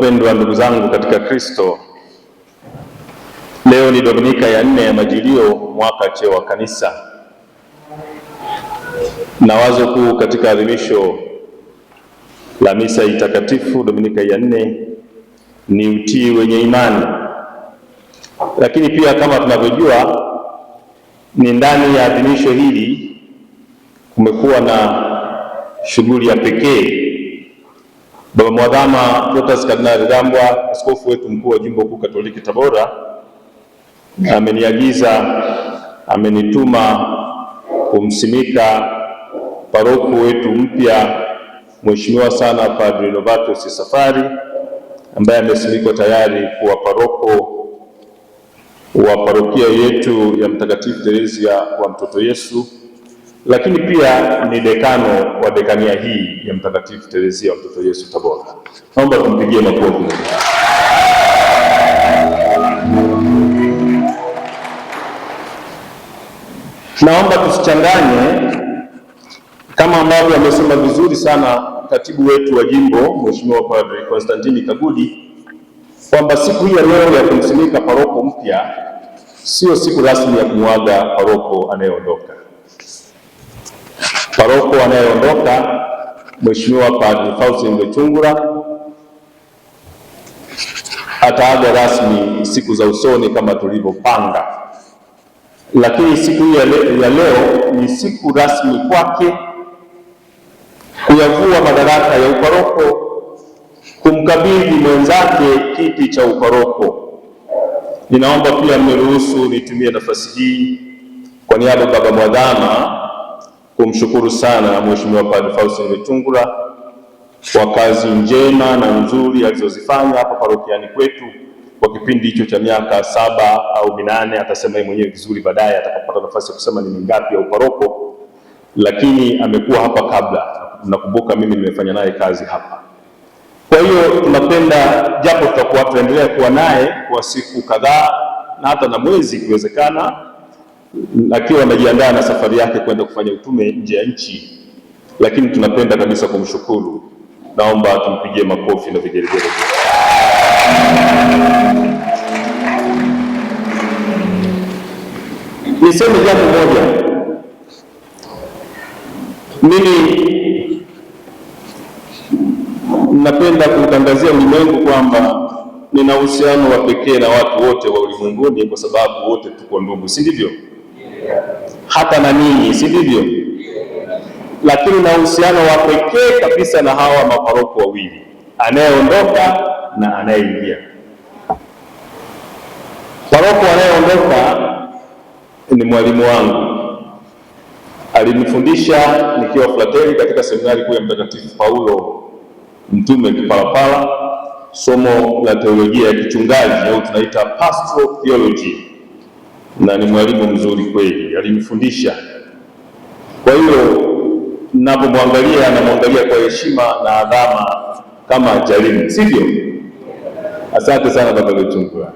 Wapendwa ndugu zangu katika Kristo, leo ni Dominika ya nne ya Majilio, mwaka C wa Kanisa, na wazo kuu katika adhimisho la misa itakatifu Dominika ya nne ni utii wenye imani, lakini pia kama tunavyojua ni ndani ya adhimisho hili kumekuwa na shughuli ya pekee Baba Mwadhama Protas Kardinali gambwa askofu wetu mkuu wa Jimbo Kuu Katoliki Tabora, ameniagiza amenituma kumsimika paroko wetu mpya mheshimiwa sana Padre Novatus Safari ambaye amesimikwa tayari kuwa paroko wa parokia yetu ya Mtakatifu Teresia wa Mtoto Yesu lakini pia ni dekano wa dekania hii ya Mtakatifu Teresia mtoto Yesu Tabora. Naomba tumpigie makofi. Naomba tusichanganye, kama ambavyo amesema vizuri sana katibu wetu wa jimbo Mheshimiwa Padre Konstantini Kagudi kwamba siku hii ya leo ya kumsimika paroko mpya sio siku rasmi ya kumwaga paroko anayeondoka Paroko anayeondoka Mheshimiwa Padri Faustin Ndechungura ataaga rasmi siku za usoni kama tulivyopanga, lakini siku hii ya, le ya leo ni siku rasmi kwake kuyavua madaraka ya uparoko kumkabidhi mwenzake kiti cha uparoko. Ninaomba pia mniruhusu nitumie nafasi hii kwa niaba baba mwadhama kumshukuru sana Mheshimiwa Padre Faustin Wetangula kwa kazi njema na nzuri alizozifanya hapa parokiani kwetu kwa kipindi hicho cha miaka saba au minane. Atasema yeye mwenyewe vizuri baadaye atakapata nafasi ya kusema ni mingapi ya uparoko, lakini amekuwa hapa kabla. Nakumbuka mimi nimefanya naye kazi hapa. Kwa hiyo tunapenda japo tutakuwa tunaendelea kuwa naye kwa siku kadhaa na hata na mwezi ikiwezekana akiwa anajiandaa na safari yake kwenda kufanya utume nje ya nchi, lakini tunapenda kabisa kumshukuru. Naomba tumpigie makofi na vigelegele. Niseme jambo moja, mimi napenda kutangazia ulimwengu kwamba nina uhusiano wa pekee na watu wote wa ulimwenguni, kwa sababu wote tuko ndugu, si ndivyo? hata na ninyi, si ndivyo? Lakini na uhusiano wa pekee kabisa na hawa maparoko wawili, anayeondoka na anayeingia. Paroko anayeondoka ni mwalimu wangu, alinifundisha nikiwa frateli katika seminari kuu ya Mtakatifu Paulo Mtume Kipalapala, somo la teolojia ya kichungaji au tunaita pastoral theology na ni mwalimu mzuri kweli, alinifundisha. Kwa hiyo ninapomwangalia namwangalia kwa heshima na adhama kama jalimu, sivyo? Asante sana Baba Lutumbula.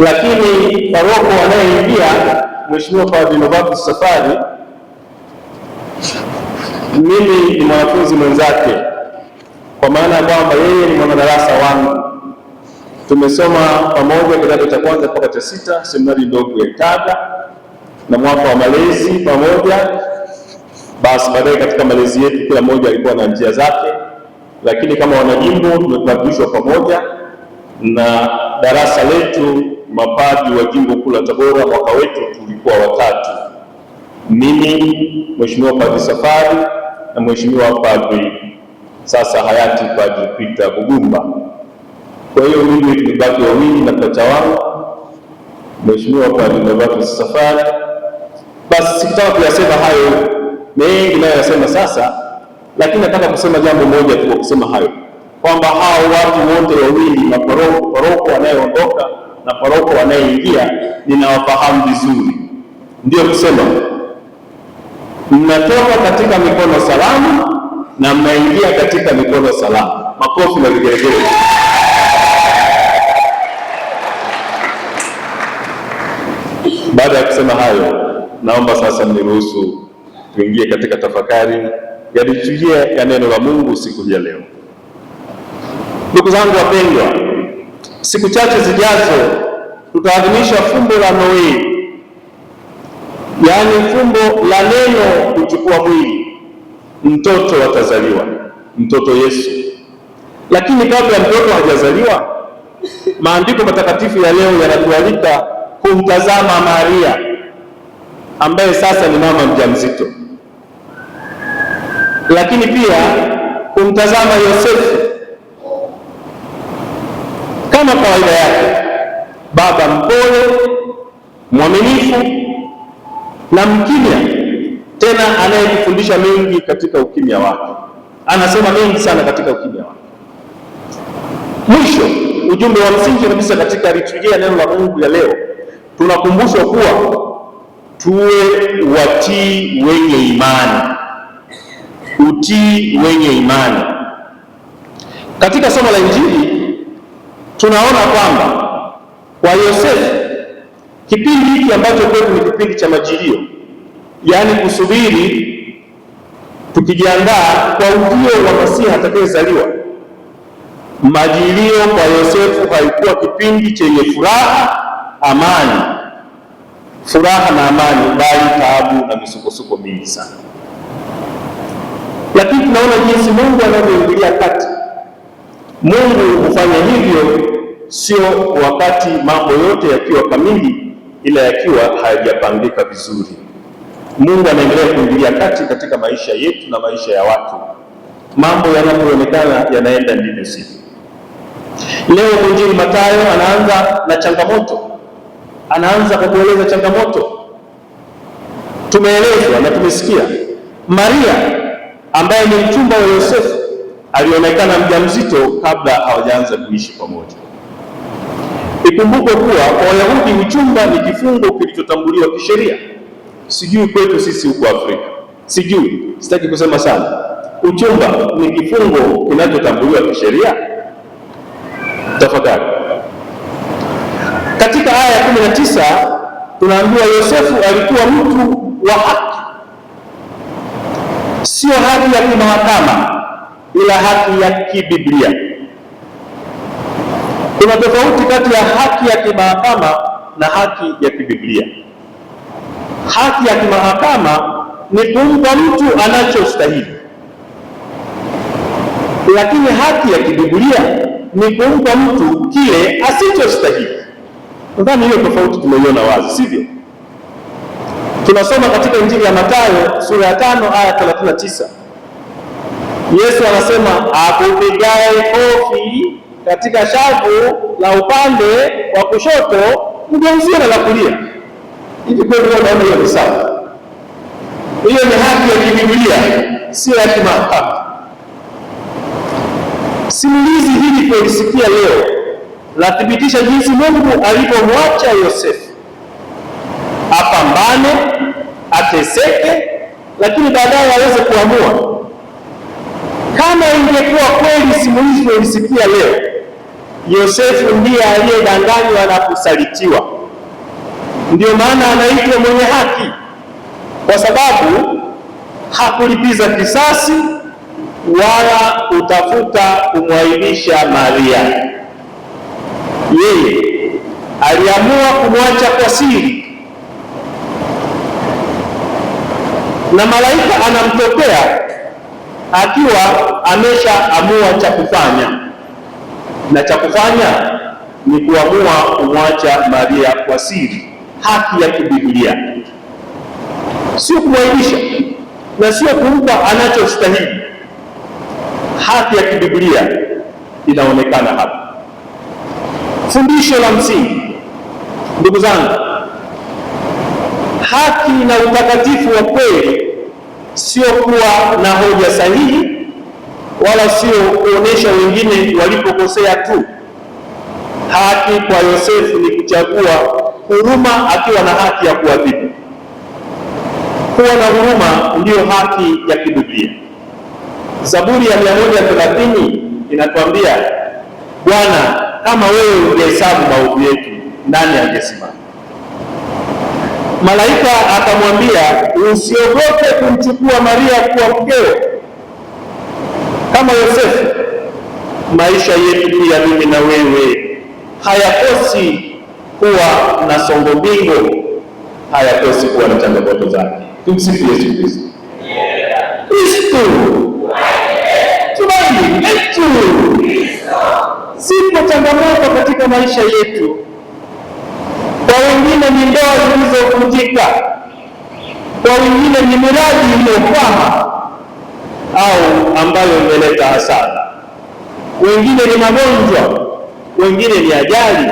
Lakini paroko anayeingia Mheshimiwa Padre Novatus Safari, mimi ni mwanafunzi mwenzake, kwa maana ya kwamba yeye ni mwanadarasa wangu Tumesoma pamoja kidato cha kwanza mpaka cha sita seminari ndogo ya Tada na mwaka wa malezi pamoja. Basi baadaye katika malezi yetu kila mmoja alikuwa na njia zake, lakini kama wanajimbo tumepatanishwa pamoja na darasa letu mapadi wa jimbo kuu la Tabora, mwaka wetu tulikuwa watatu, mimi, mheshimiwa Padri Safari na mheshimiwa Padri sasa hayati Padri Peter Bugumba. Kwa hiyo mimi tulibaki wawili na pacha wangu Mheshimiwa Kadinavatus Safari. Basi sikutaka kuyasema hayo mengi nayo yasema sasa, lakini nataka kusema jambo moja tu, kusema hayo kwamba hao watu wote wawili, paroko paroko wanayeondoka na paroko wanayeingia, ninawafahamu vizuri. Ndiyo kusema mnatoka katika mikono salama na mnaingia katika mikono salama. Makofi na vigelegele. Baada ya kusema hayo, naomba sasa niruhusu tuingie katika tafakari yalichujia ya neno la Mungu siku ya leo. Ndugu zangu wapendwa, siku chache zijazo tutaadhimisha fumbo la noe yaani fumbo la neno kuchukua mwili, mtoto atazaliwa, mtoto Yesu. Lakini kabla ya mtoto hajazaliwa, maandiko matakatifu ya leo yanatualika kumtazama Maria ambaye sasa ni mama mjamzito, lakini pia kumtazama Yosefu kama kawaida yake, baba mpole, mwaminifu na mkimya, tena anayekufundisha mengi katika ukimya wake. Anasema mengi sana katika ukimya wake. Mwisho, ujumbe wa msingi kabisa katika liturujia ya neno la Mungu ya leo tunakumbushwa kuwa tuwe watii wenye imani, utii wenye imani. Katika somo la Injili tunaona kwamba kwa Yosefu kipindi hiki ambacho kwetu ni kipindi cha majilio, yaani kusubiri, tukijiandaa kwa ujio wa Masihi atakayezaliwa. Majilio kwa Yosefu haikuwa kipindi chenye furaha amani, furaha na amani, bali taabu na misukosuko mingi sana. Lakini tunaona jinsi Mungu anavyoingilia kati. Mungu hufanya hivyo sio wakati mambo yote yakiwa kamili, ila yakiwa hayajapangika vizuri. Mungu anaendelea kuingilia kati katika maisha yetu na maisha ya watu, mambo yanavyoonekana yanaenda ndivyo sivyo. Leo mwinjili Mathayo anaanza na changamoto anaanza kwa kueleza changamoto. Tumeelezwa na tumesikia Maria ambaye ni mchumba wa Yosefu alionekana mjamzito kabla hawajaanza kuishi pamoja. Ikumbukwe kuwa kwa Wayahudi uchumba ni kifungo kilichotambuliwa kisheria. Sijui kwetu sisi huko Afrika, sijui, sitaki kusema sana. Uchumba ni kifungo kinachotambuliwa kisheria. Tafadhali katika aya ya kumi na tisa tunaambiwa Yosefu alikuwa mtu wa haki, sio haki ya kimahakama, ila haki ya kibiblia. Kuna tofauti kati ya haki ya kimahakama na haki ya kibiblia. Haki ya kimahakama ni kumpa mtu anachostahili, lakini haki ya kibiblia ni kumpa mtu kile asichostahili. Nadhani hiyo tofauti tumeiona wazi, sivyo? Tunasoma katika Injili ya Mathayo sura ya tano aya 39. Yesu anasema akupigae kofi katika shavu la upande wa kushoto mgeuzie na la kulia. Hivi kweli unaona hiyo ni sawa? Hiyo ni haki ya kibiblia, sio ya kimahakama. Simulizi hili tulisikia leo nathibitisha jinsi Mungu alivyomwacha Yosefu apambane, ateseke, lakini baadaye aweze kuamua. Kama ingekuwa kweli simu hizi tulisikia leo, Yosefu ndiye aliyedanganywa na kusalitiwa, ndiyo maana anaitwa mwenye haki, kwa sababu hakulipiza kisasi wala kutafuta kumwaibisha Maria yeye aliamua kumwacha kwa siri, na malaika anamtokea akiwa ameshaamua cha kufanya, na cha kufanya ni kuamua kumwacha Maria kwa siri. Haki ya kibiblia sio kumwaibisha na sio kumpa anachostahili. Haki ya kibiblia inaonekana hapa. Fundisho la msingi, ndugu zangu, haki na utakatifu wa kweli sio kuwa na hoja sahihi wala sio kuonesha wengine walipokosea tu. Haki kwa Yosefu ni kuchagua huruma akiwa na haki ya kuadhibu. Kuwa na huruma ndiyo haki ya kibiblia. Zaburi ya 130 inatuambia Bwana kama wewe ungehesabu maovu yetu, nani angesimama? Malaika akamwambia, usiogope kumchukua Maria kuwa mkeo. Kama Yosefu, maisha yetu pia mimi na wewe hayakosi kuwa na songo bingo, hayakosi kuwa na changamoto zake. Tumsifu Yesu Kristo. Kristo, Kristo. Zipo changamoto katika maisha yetu, kwa wengine ni ndoa zilizovunjika, kwa wengine ni miradi iliyokwama au ambayo imeleta hasara, wengine ni magonjwa, wengine ni ajali,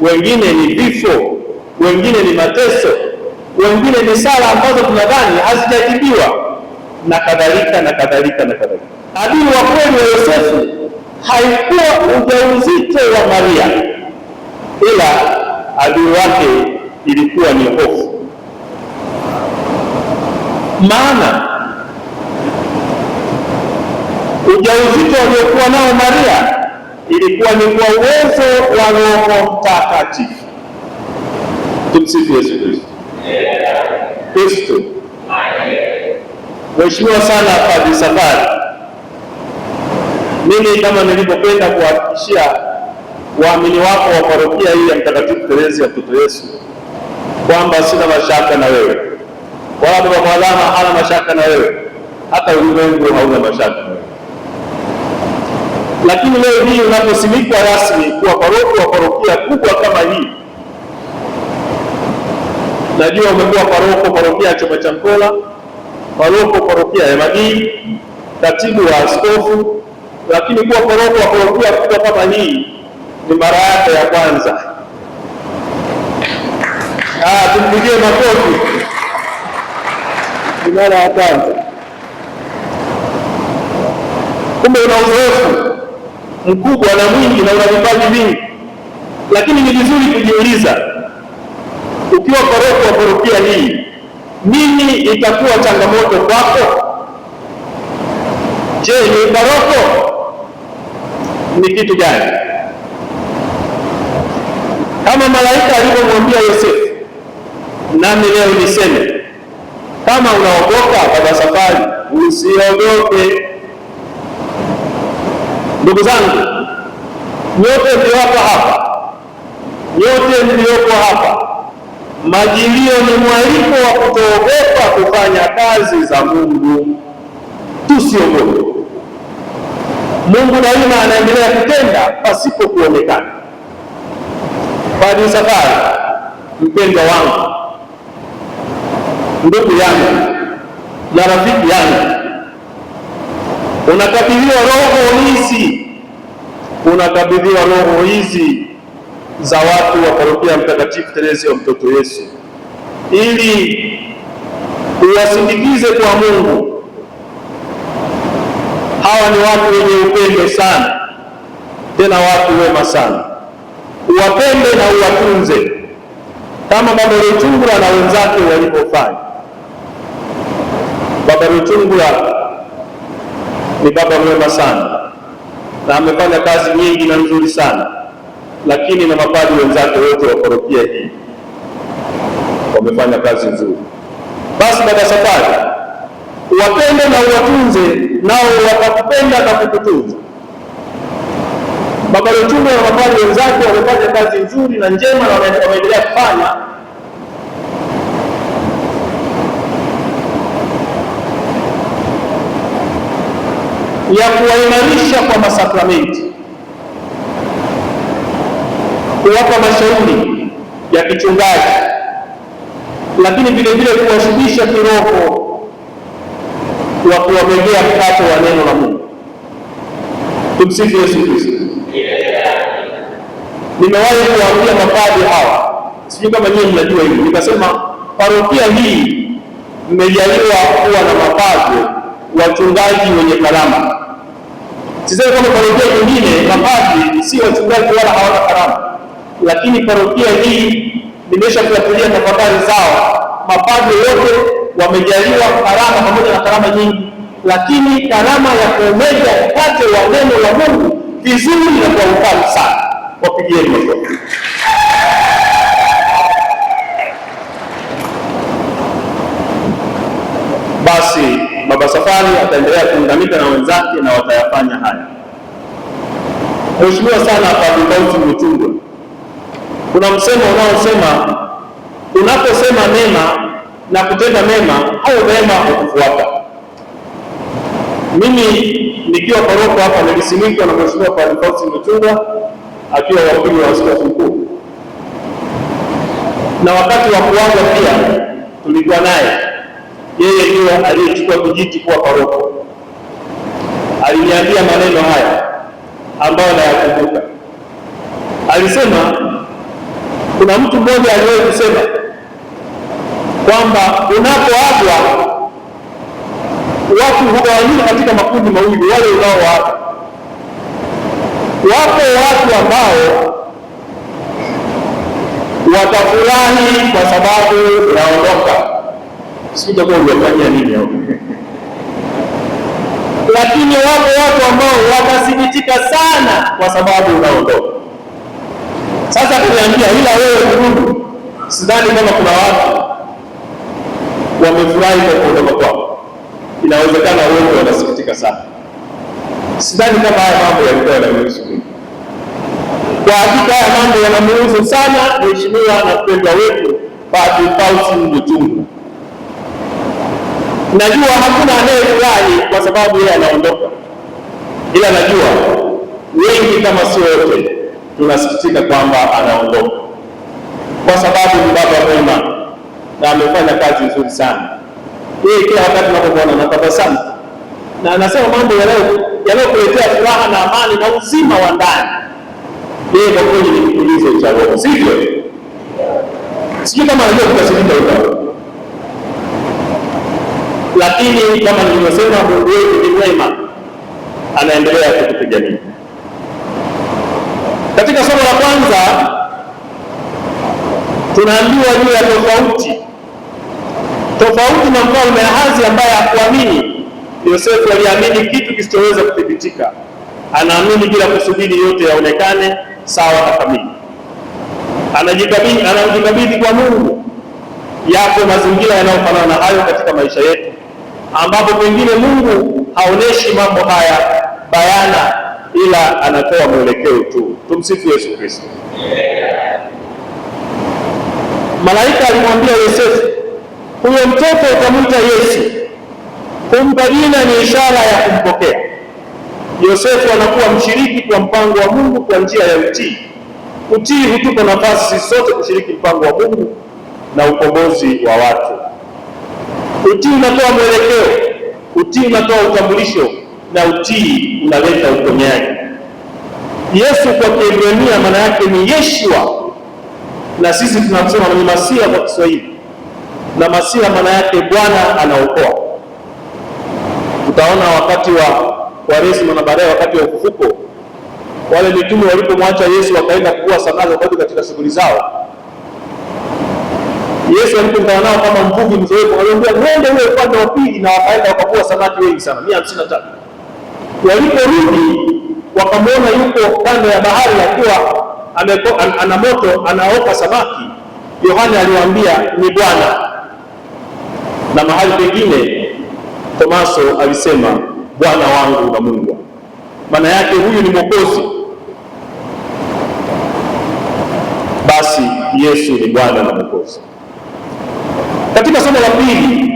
wengine ni vifo, wengine ni mateso, wengine ni sala ambazo tunadhani hazijajibiwa na kadhalika na kadhalika na kadhalika. Adui wa kweli wa Yosefu haikuwa ujauzito wa Maria, ila adui wake ilikuwa ni hofu. Maana ujauzito aliokuwa nao Maria ilikuwa ni kwa uwezo wa Roho Mtakatifu. Tumsifu Yesu Kristo. Kristo, mheshimiwa sana Padre Safari mimi kama nilivyopenda kuhakikishia waamini wako wa parokia hii ya Mtakatifu Terezi ya mtoto Yesu kwamba sina mashaka na wewe, wala Baba Mwadhama hana mashaka na wewe, hata ulimwengu hauna mashaka na wewe. Lakini leo hii unaposimikwa rasmi kuwa paroko wa parokia kubwa kama hii, najua umekuwa paroko parokia ya Choma cha Mkola, paroko parokia ya Magii, katibu wa askofu lakini kuwa koroko wakorokea kuta kama hii ni mara yake ya kwanza. Ah, tumpigie makofi, ni mara ya kwanza. Kumbe una uzoefu mkubwa na mwingi na una vipaji vingi, lakini ni vizuri kujiuliza, ukiwa koroko wakorokea hii, nini itakuwa changamoto kwako? Je, ni ukoroko ni kitu gani? Kama malaika alivyomwambia Yosefu, nami leo niseme kama unaogopa baba safari, usiogope. Ndugu zangu nyote mlioko hapa, nyote mlioko hapa, majilio ni mwaliko wa kutoogopa kufanya kazi za Mungu. Tusiogope. Mungu daima anaendelea kutenda pasipo kuonekana. Badi safari, mpendwa wangu, ndugu yangu na rafiki yangu, unakabidhiwa roho hizi, unakabidhiwa roho hizi za watu wa parokia Mtakatifu Teresa wa mtoto Yesu, ili uwasindikize kwa Mungu Hawa ni watu wenye upendo sana, tena watu wema sana. Uwapende na uwatunze kama Baba Rutungura na wenzake walivyofanya. Baba Rutungura ni baba mwema sana na amefanya kazi nyingi na nzuri sana, lakini na mapadri wenzake wote wa parokia hii wamefanya kazi nzuri. Basi baba safari, uwapende na uwatunze nao watakupenda na kukutunza. Baba na mapadri wenzake wamefanya kazi nzuri na njema na wameendelea kufanya ya kuwaimarisha kwa masakramenti, kuwapa mashauri ya kichungaji, lakini vile vile kuwashibisha kiroho wa kuwamegea mkato wa neno la Mungu. Tumsifu Yesu Kristo. Nimewahi kuwaambia mapadri hawa, sijui kama nyinyi mnajua hivi, nikasema parokia hii mmejaliwa kuwa na mapadri wachungaji wenye karama. Sisemi kama parokia nyingine mapadri si wachungaji wala hawana karama, lakini parokia hii nimesha kufuatilia tafakari zao, mapadri yote wamejaliwa karama pamoja na karama nyingi, lakini karama ya kuomega mkate wa neno la Mungu vizuri na kwa ukali sana. Wapigieni makofi. Basi Baba Safari ataendelea kuunganika na wenzake na watayafanya haya. Mheshimiwa sana Fadhilauti Mutungwe, kuna msemo unaosema unaposema mema na kutenda mema, hayo mema hukufuata. Mimi nikiwa paroko hapa nilisimikwa na Mheshimiwa Padre Faustin Muchungwa akiwa wakili wa askofu mkuu, na wakati wa kuanza pia tulikuwa naye, yeye ndiye aliyechukua kijiti kuwa paroko. Aliniambia maneno haya ambayo nayakumbuka. Alisema kuna mtu mmoja aliyewahi kusema kwamba unapoagwa watu hugawanyika katika makundi mawili, wale unaoaga. Wapo watu ambao watafurahi kwa sababu unaondoka, sitakuwa umefanyia nini hapo lakini wapo watu ambao watasikitika sana kwa sababu unaondoka. Sasa kuniambia ila wewe kurudi, sidhani kama kuna watu wamefurahi kwa kuondoka kwao. Inawezekana wengi wanasikitika sana. Sidhani kama haya mambo yalikuwa yanamuhusu mimi. Kwa hakika haya mambo yanamuhusu sana mheshimiwa na mpendwa wetu Padri Pausi Mbutungu. Najua hakuna anayefurahi kwa sababu yeye anaondoka, ila najua wengi kama sio wote tunasikitika kwamba anaondoka, kwa sababu ni baba mwema na amefanya kazi nzuri sana. Yeye kila wakati tunapomwona anatabasamu na anasema mambo yanayokuletea furaha na amani na uzima wa ndani. Yeye kwa kweli ni kitulizo cha roho, sivyo? Sijui kama anajua kukasirika huko, lakini kama nilivyosema, Mungu wetu ni mwema, anaendelea kutupigania. Katika somo la kwanza tunaambiwa juu ya tofauti tofauti na mfalme Ahazi ambaye hakuamini. Yosefu aliamini kitu kisichoweza kuthibitika, anaamini bila kusubiri yote yaonekane sawa na kamili, anajikabidhi anajikabidhi kwa Mungu. Yako mazingira yanayofanana na hayo katika maisha yetu, ambapo pengine Mungu haoneshi mambo haya bayana, ila anatoa mwelekeo tu. Tumsifu Yesu Kristo. Malaika alimwambia Yosefu huyo mtoto utamwita Yesu. Kumpa jina ni ishara ya kumpokea. Yosefu anakuwa mshiriki kwa mpango wa Mungu kwa njia ya utii. Utii hutupa nafasi sisi sote kushiriki mpango wa Mungu na ukombozi wa watu. Utii unatoa mwelekeo, utii unatoa utambulisho, na utii unaleta uponyaji. Yesu kwa Kiebrania maana yake ni Yeshua, na sisi tunasema ni Masia kwa Kiswahili na Masiha maana yake Bwana anaokoa. utaona wakati wa Kwaresma na baadaye wakati wa ufufuko, wale mitume walipomwacha Yesu wakaenda kukua samaki, wakati katika shughuli zao, Yesu alipokutana nao kama mvuvi mzoefu, aliwaambia nende ule upande wa pili, na wakaenda wakavua samaki wengi sana, mia hamsini na tatu. Waliporudi wakamwona yuko kando ya bahari akiwa ana moto anaoka samaki. Yohana aliwaambia ni Bwana na mahali pengine Tomaso alisema Bwana wangu na Mungu. Maana yake huyu ni Mwokozi. Basi Yesu ni Bwana na Mwokozi. Katika somo la pili,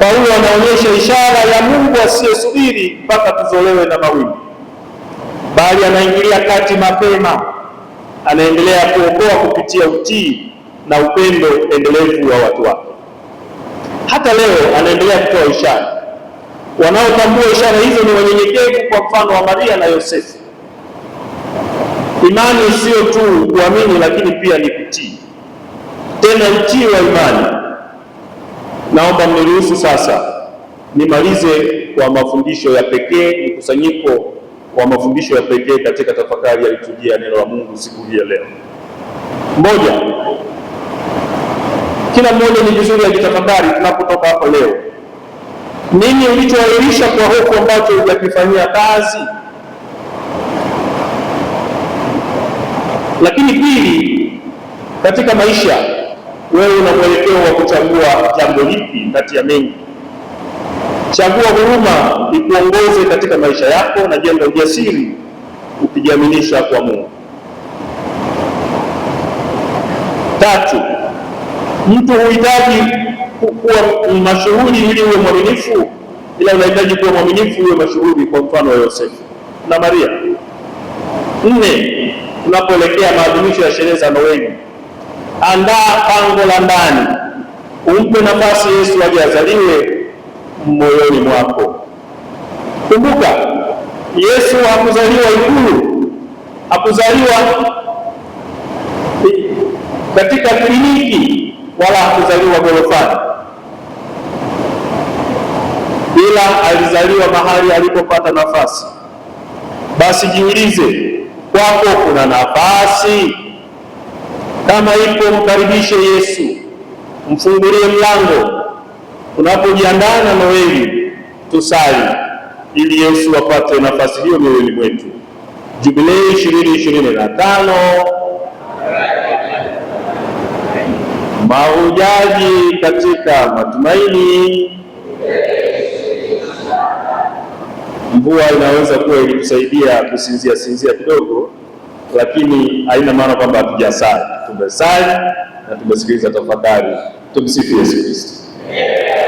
Paulo anaonyesha ishara ya Mungu asiyesubiri mpaka tuzolewe na mawimbi, bali anaingilia kati mapema, anaendelea kuokoa kupitia utii na upendo endelevu wa watu wake hata leo anaendelea kutoa ishara. Wanaotambua ishara hizo ni wanyenyekevu, kwa mfano wa Maria na Yosefu. Imani sio tu kuamini, lakini pia ni kutii, tena utii wa imani. Naomba mniruhusu sasa nimalize kwa mafundisho ya pekee, mkusanyiko wa mafundisho ya pekee katika tafakari ya liturujia ya neno la Mungu siku hii ya leo. Moja, kila mmoja ni vizuri ajitafakari tunapotoka hapo leo, nini ulichoahirisha kwa hofu ambacho hujakifanyia kazi? Lakini pili, katika maisha wewe una mwelekeo wa kuchagua jambo lipi kati ya mengi. Chagua huruma ikuongoze katika maisha yako, na jenga ujasiri ukijiaminisha kwa Mungu. Tatu, Mtu huhitaji kuwa mashuhuri ili uwe mwaminifu, ila unahitaji kuwa mwaminifu uwe mashuhuri, kwa mfano wa Yosefu na Maria. Nne, tunapoelekea maadhimisho ya sherehe za Noeli, andaa pango la ndani, umpe nafasi Yesu aje azaliwe moyoni mwako. Kumbuka, Yesu hakuzaliwa Ikulu, hakuzaliwa katika kliniki wala hakuzaliwa gorofani, ila alizaliwa mahali alipopata nafasi. Basi jiulize, kwako kuna nafasi? Kama ipo, mkaribishe Yesu, mfungulie mlango. Tunapojiandaa na Noeli, tusali ili Yesu apate nafasi hiyo mioyoni mwetu. Jubilei 2025 mahujaji katika matumaini. Mvua inaweza kuwa ilitusaidia kusinzia sinzia kidogo, lakini haina maana kwamba hatujasali. Tumesali na tumesikiliza tafakari. Tumsifu Yesu Kristo.